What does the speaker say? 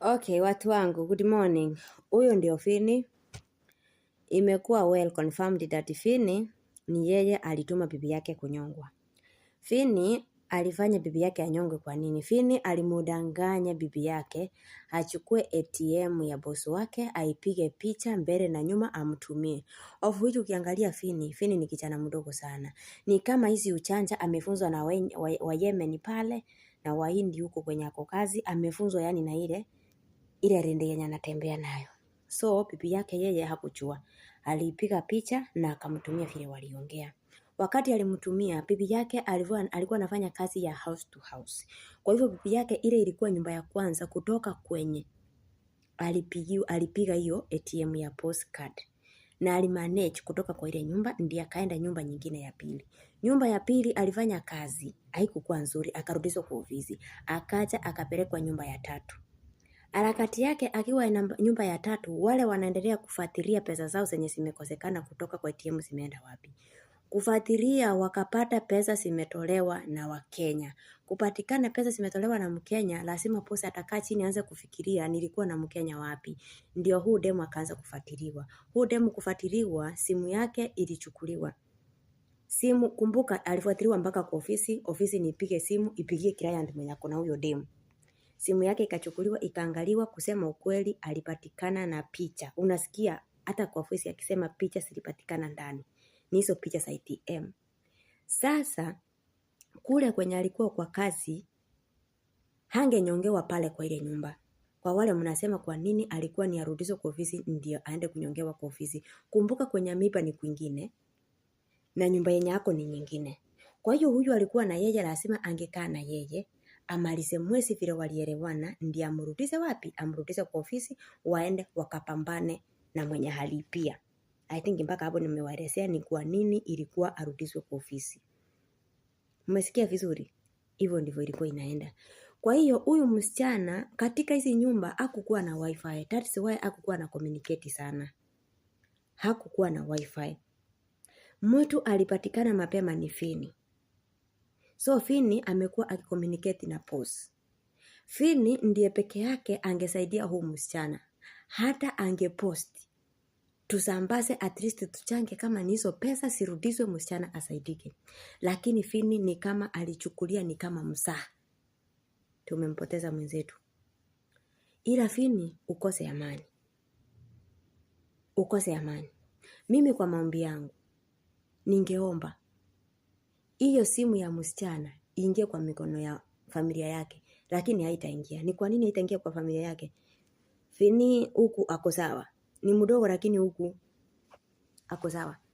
Okay, watu wangu, good morning. Huyo ndio Fini. Imekuwa well confirmed that Fini ni yeye alituma bibi yake kunyongwa. Fini alifanya bibi yake anyongwe kwa nini? Fini alimudanganya bibi yake achukue ATM ya bosi wake aipige picha mbele na nyuma amtumie. Of which ukiangalia Fini, Fini ni kijana mdogo sana. Ni kama hizi uchanja amefunzwa na wa, wa, wa, Yemen pale na Wahindi huko kwenye ako kazi amefunzwa yani na ile ile rende yenye anatembea nayo. So bibi yake yeye hakujua, alipiga picha na akamtumia vile waliongea. Wakati alimtumia bibi yake alivua, alikuwa anafanya kazi ya house to house. Kwa hivyo bibi yake ile ilikuwa nyumba ya kwanza kutoka kwenye alipigiwa, alipiga hiyo ATM ya postcard na alimanage kutoka kwa ile nyumba, ndiye akaenda nyumba nyingine ya pili. Nyumba ya pili alifanya kazi, haikukuwa nzuri, akarudishwa kwa ofisi, akaja akapelekwa nyumba ya tatu. Harakati yake akiwa na nyumba ya tatu, wale wanaendelea kufuatilia pesa zao zenye zimekosekana kutoka kwa ATM zimeenda wapi kufuatilia wakapata pesa zimetolewa na Wakenya. Kupatikana pesa zimetolewa na Mkenya, lazima posa atakaa chini aanze kufikiria nilikuwa na Mkenya wapi. Ndio huu demu akaanza kufuatiliwa. Huu demu kufuatiliwa, simu yake ilichukuliwa. Simu kumbuka, alifuatiliwa mpaka kwa ofisi, ofisi ni ipige simu, ipigie client mwenye ako na huyo demu simu yake ikachukuliwa ikaangaliwa, kusema ukweli alipatikana na picha. Unasikia hata kwa ofisi akisema picha zilipatikana ndani, ni hizo picha za ATM. Sasa kule kwenye alikuwa kwa kazi, hangenyongewa pale kwa ile nyumba. Kwa wale mnasema kwa nini alikuwa ni arudizo kwa ofisi ndio aende kunyongewa kwa ofisi, kumbuka kwenye miba ni kwingine na nyumba yenye yako ni nyingine. Kwa hiyo huyu alikuwa na yeye, lazima angekaa na yeye amalize mwezi vile walielewana, ndiye amrudize wapi? Amrudize kwa ofisi, waende wakapambane na mwenye halipia. I think mpaka hapo nimewaelezea ni kwa nini ilikuwa arudizwe kwa ofisi. Umesikia vizuri? Hivyo ndivyo ilikuwa inaenda. Kwa hiyo huyu msichana katika hizi nyumba hakukuwa na wifi. That's why hakukuwa na communicate sana. Hakukuwa na wifi. Mtu alipatikana mapema ni Fini. So Fini amekuwa akicommunicate na Pose. Fini ndiye peke yake angesaidia huu msichana, hata angepost tusambaze, at least tuchange, kama ni hizo pesa sirudizwe, msichana asaidike. Lakini Fini ni kama alichukulia ni kama msaa, tumempoteza mwenzetu. Ila Fini ukose amani, ukose amani. Mimi kwa maombi yangu ningeomba hiyo simu ya msichana iingie kwa mikono ya familia yake, lakini haitaingia. Ni kwa nini haitaingia kwa familia yake? Fini huku ako sawa, ni mdogo, lakini huku ako sawa.